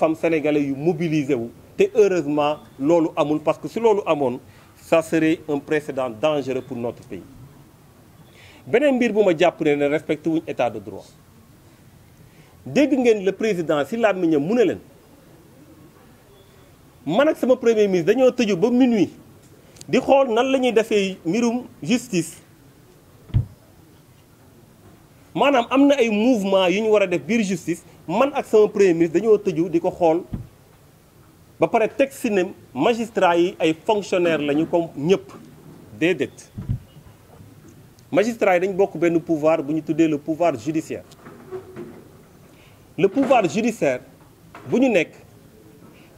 femmes sénégalais yu mobiliser wu te heureusement loolu amul parce que si loolu amoon ça serait un précédent dangereux pour notre pays beneen mbir bu ma jàpp ne ne respecté wuñ état de droit dégg ngeen la président si làmmiñam mu ne leen man ak sama premier ministre dañoo tëju ba minuit di xool nan la ñuy defee mbirum justice maanaam am na ay mouvement yu ñu war a def biir justice man ak sama premier ministre dañoo tëju di ko xool ba pare teg si ne magistra yi ay fonctionnaire lañu comme ñëpp déedéet magistrat yi dañ bokk benn pouvoir bu ñu tuddee le pouvoir judiciaire le pouvoir judiciaire bu ñu nekk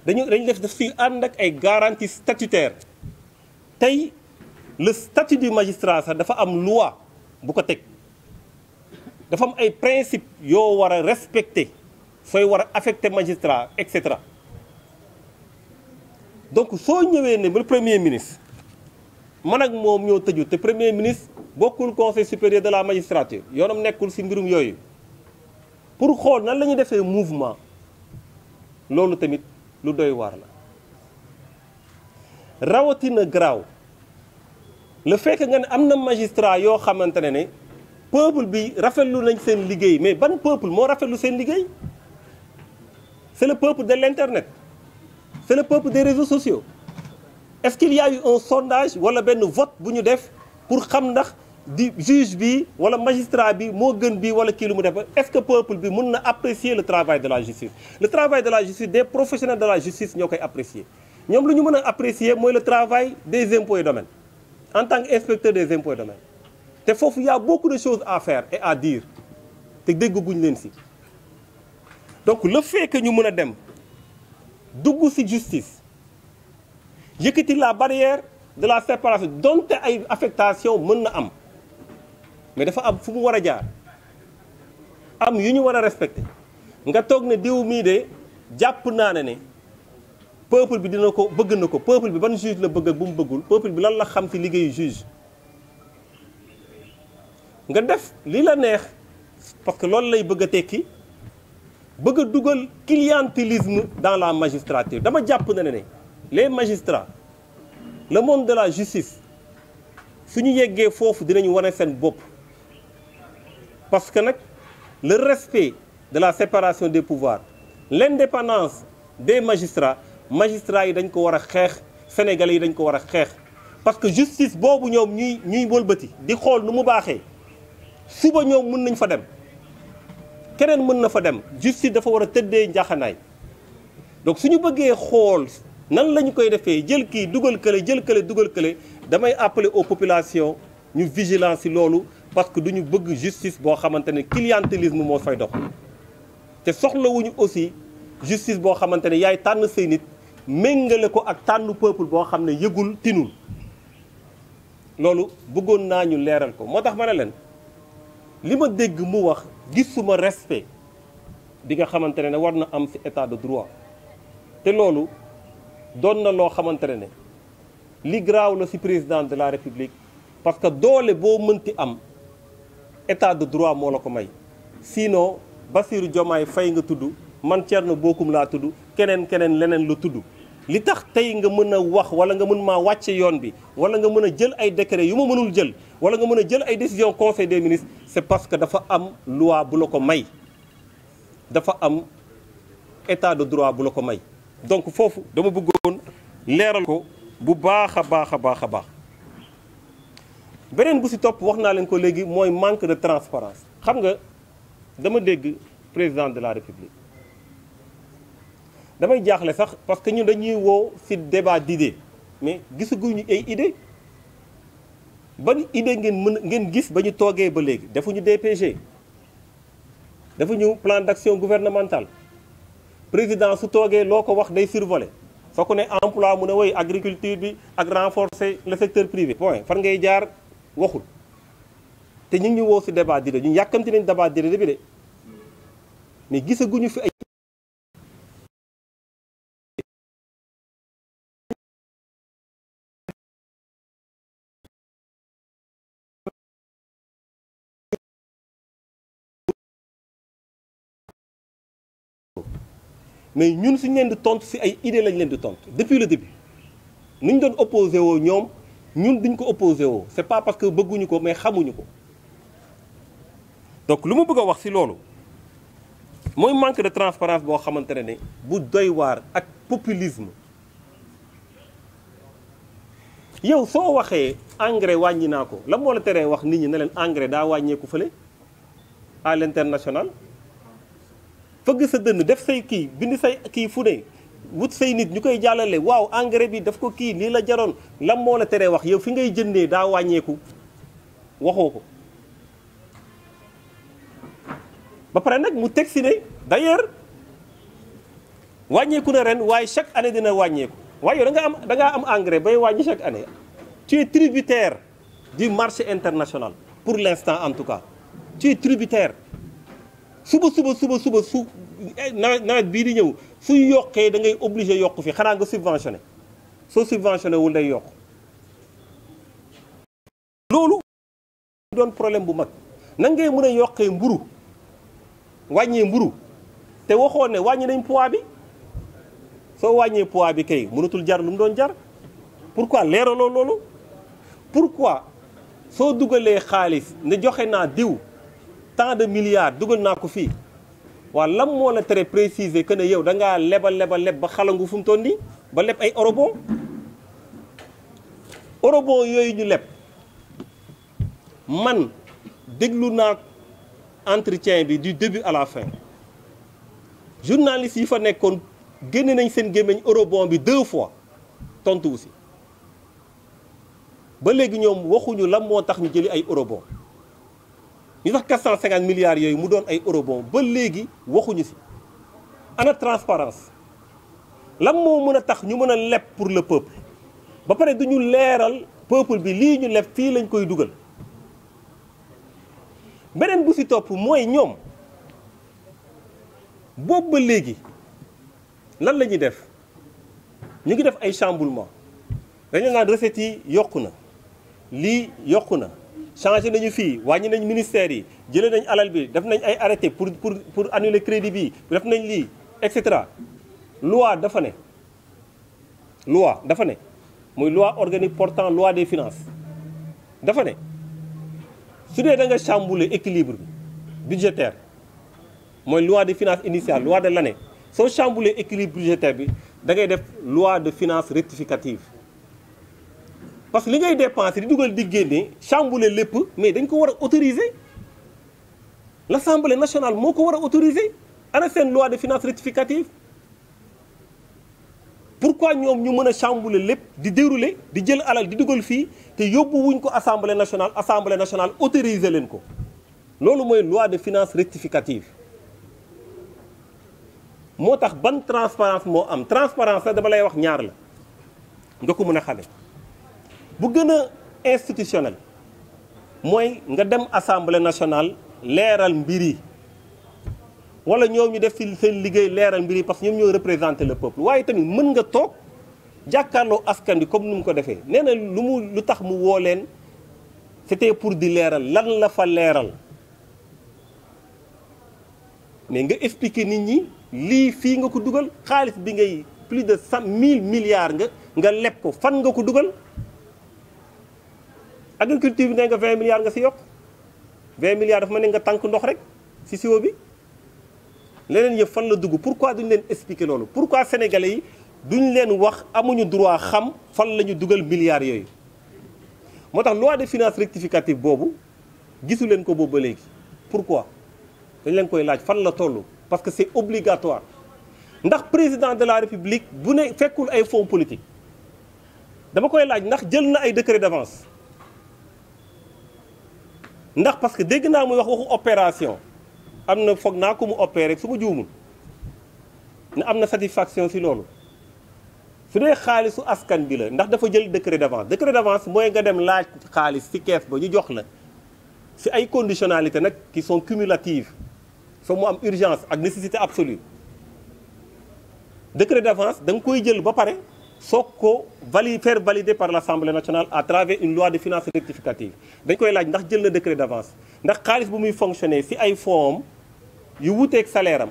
dañu dañu def si ànd ak ay garantie statutaire tey le statut du magistrat sax dafa am loi bu ko teg dafa am ay principe yoo war a respecter sooy war a affecté magistrat et cetera donc soo ñëwee ne ba premier ministre man ak moom ñoo tëju te premier ministre bokkul conseil supérieur de la magistrature yoonam nekkul ci mbirum yooyu pour xool nan la ñuy defee mouvement loolu tamit lu doy waar la rawatina garaaw la fekk que nga ne am na magistrat yoo xamante ne ne peuple bi rafetlu nañ seen liggéey mais ban peuple moo rafetlu seen liggéey C'est le peuple de l'Internet. C'est le peuple des réseaux sociaux. Est-ce qu'il y a un sondage wala benn vote bu ñu def pour xam ndax di juge bi wala magistrat bi moo gën bi wala kii lu mu def est-ce que peuple bi mun na apprécier le travail de la justice le travail de la justice des professionnels de la justice ñoo koy apprécier ñoom lu ñu mën a apprécier mooy le travail des impôts et domaines en tant qu'inspecteur des impôts et domaines te foofu y a beaucoup de choses et à dire te dégg leen si donc le fait ñu mën a dem dugg ci justice yëkkati la barrière de la séparation donte ay affectation mën na am mais dafa am fu mu war a jaar am yu ñu war a respecter nga toog ne diw mii de jàpp naa ne ne peuple bi dina ko bëgg na ko peuple bi ban juge la bëgg ak bu mu bëggul peuple bi lan la xam ci liggéeyu juge nga def li la neex parce que loolu lay bëgg a tekki bëgg dugal clientélisme dans la magistrature dama jàpp na ne ne les magistrats le monde de la justice suñu yeggee foofu dinañu wane seen bopp parce que nag le respect de la séparation des pouvoirs l'indépendance des magistrats magistrats yi dañ ko war a xeex sénégalais yi dañ ko war a xeex parce que justice boobu ñoom ñuy ñuy wëlbati di xool nu mu baaxee suba ñoom mun nañ fa dem keneen mën na fa dem justice dafa war a tëddee njaxanaay donc ñu bëggee xool nan lañu koy defee jël kii dugal kële jël kële dugal kële damay appeler aux populations ñu vigilance loolu parce que du ñu bëgg justice boo xamante ne clientélisme moo fay dox te soxlawuñu aussi justice boo xamante ne yaay tànn say nit méngale ko ak tànn peuple boo xam ne yëgul tinul loolu bëggoon naa ñu leeral ko moo tax ma ne leen li ma dégg mu wax gisuma respect bi nga xamante ne war na am ci état de droit te loolu doon na loo xamante ne li graaw la ci président de la république parce que doole boo mënti am état de droit moo la ko may sinon Bassirou Diomaye fay nga tudd man Thierno Bocoum laa tudd keneen keneen leneen la tudd li tax tey nga mën a wax wala nga mën maa wàcce yoon bi wala nga mën a jël ay décret yu ma mënul jël wala nga mën a jël ay décision conseil des ministres c'est parce que dafa am loi bu la ko may dafa am état de droit bu la ko may donc foofu dama bëggoon leeral ko bu baax a baax a baax a baax beneen bu si topp wax naa leen ko léegi mooy manque de transparence xam nga dama dégg président de la république damay jaaxle sax parce que ñun dañuy woo ci débat d'idée mais gisaguñu ay idée ban idée ngeen mën ngeen gis ba ñu toogee ba léegi defuñu DPG defuñu plan d'action gouvernemental président su toogee loo ko wax day survolé soo ko ne emploi mun a woy agriculture bi ak renforcer le secteur privé point far ngay jaar waxul te ñu ngi ñu woo ci débat d'idée ñu yàkkamti nañ débat d'idée bi de mais gisaguñu fi ay mais ñun suñu leen di tontu si ay idée lañ leen di tontu depuis le début ni ñu doon opposé woo ñoom ñun duñ ko opposé woo c'est pas parce que bëgguñu ko mais xamuñu ko donc lu ma bëgg a wax si loolu mooy manque de transparence boo xamante ne ne bu doy waar ak populisme yow soo waxee engrais wàññi naa ko la moo la teree wax nit ñi ne leen engrais daa wàññeeku fële à l'international fëgg sa dënn def say kii bind say kii fu ne wut say nit ñu koy jàllale waaw engrais bi daf ko kii lii la jaroon lan moo la teree wax yow fi ngay jëndee daa wàññeeku waxoo ko ba pare nag mu teg si ne d'ailleurs wàññeeku na ren waaye chaque année dina wàññeeku waaye yow da am da am engrais bay wàññi chaque année tu es tributaire du marché international pour l'instant en tout cas tu es suba suba suba suba su eh, nawet nawet bii di ñëw su yokkee da ngay obligé yokk fi xanaa nga subventionné soo subventionné wul day yokku loolu doon problème bu mag nan ngay mën a yokkee mburu wàññee mburu te waxoon ne wàññi nañ pois bi soo wàññee poids bi kay mënatul jar lu mu doon jar pourquoi leeraloo loolu pourquoi soo dugalee xaalis ne joxe naa diw tant de milliards dugal naa ko fii waa lan moo la tere préciser que ne yow da ngaa leba leba leb ba xalangu fu mu toll nii ba leb ay eurobond eurobond yooyu ñu leb man déglu naa entretien bi du début à la fin journaliste yi fa nekkoon génne nañ seen gémmiñ eurobond bi deux fois tontuwu si ba léegi ñoom waxuñu lam moo tax ñu jëli ay eurobond ñu tax 450 milliards yooyu mu doon ay eurobond ba léegi waxuñu si ana transparence lan moo mën a tax ñu mën a leb pour le peuple ba pare du leeral peuple bi lii ñu leb fii lañ koy dugal beneen bu ci topp mooy ñoom boobu ba léegi lan la ñuy def ñu ngi def ay chamboulement dañu naan recettes yi yokku na lii yokk na changé nañu fii wàññi nañ ministère yi jëlee nañ alal bi def nañ ay arrêté pour pour pour annuler crédit bi def nañ lii et cetera loi dafa ne loi dafa ne muy loi organique portant loi des finances dafa ne su dee da nga chambouler bi budgétaire mooy loi de finances initiale loi de l'année soo chambouler équilibre budgétaire bi da ngay def loi de finance rectificative parce que li ngay dépenser di dugal di génne chambouler lépp mais dañ ko war a autoriser l' assemblée nationale moo ko war a autoriser ana seen loi de finances rectificative pourquoi ñoom ñu mën a chambouler lépp di dérouler di jël alal di dugal fii te yóbbu wuñ ko assemblée nationale assemblée nationale autoriser leen ko loolu mooy loi de finances rectificative moo tax ban transparence moo am transparence la dama lay wax ñaar la nga ko mën a xamee bu gën a institutionnel mooy nga dem assemblée nationale leeral mbir yi wala ñoom ñu def fi seen liggéey leeral mbir yi parce que ñoom ñoo représenter la peuple waaye tamit mën nga toog jàkkaarloo askan bi comme ni mu ko defee neena lu mu lu tax mu woo leen c'était pour di leeral lan la fa leeral mais nga expliquer nit ñi lii fii nga ko dugal xaalis bi ngay plus de cent mille milliards nga nga leb ko fan nga ko dugal agriculture bi ne nga 20 milliards nga si yokk 20 milliards dafa ma ne nga tànk ndox rek si siwo bi leneen yëpp fan la dugg pourquoi duñ leen expliquer loolu pourquoi sénégalais yi duñ leen wax amuñu droit xam fan la ñu dugal milliards yooyu moo tax loi de finances rectificative boobu gisu leen ko boobu ba léegi pourquoi dañ leen koy laaj fan la toll parce que c'est obligatoire ndax président de la république bu ne fekkul ay fonds politique dama koy laaj ndax jël na ay décret d'avance ndax parce que dégg naa muy wax waxu opération am na foog naa ko mu opéré su ma juumul ne am na satisfaction si loolu su dee xaalisu askan bi la ndax dafa jël décret d'avance décret d'avance mooy nga dem laaj xaalis si kees ba ñu jox na si ay conditionnalités nag qui son cumulatives fa mu am urgence ak nécessité absolue décret d'avance danga koy jël ba pare soog ko vali faire valider par l'Assemblée nationale à travers une loi de finances rectificative dañ koy laaj ndax jël na décret d'avance ndax xaalis bu muy fonctionner ci ay fonds yu wuteeg sa leeram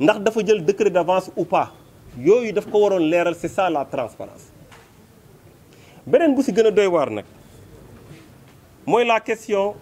ndax dafa jël décret d'avance ou pas yooyu daf ko waroon leeral c'est ça la transparence beneen bu ci gën a doy waar nag mooy la question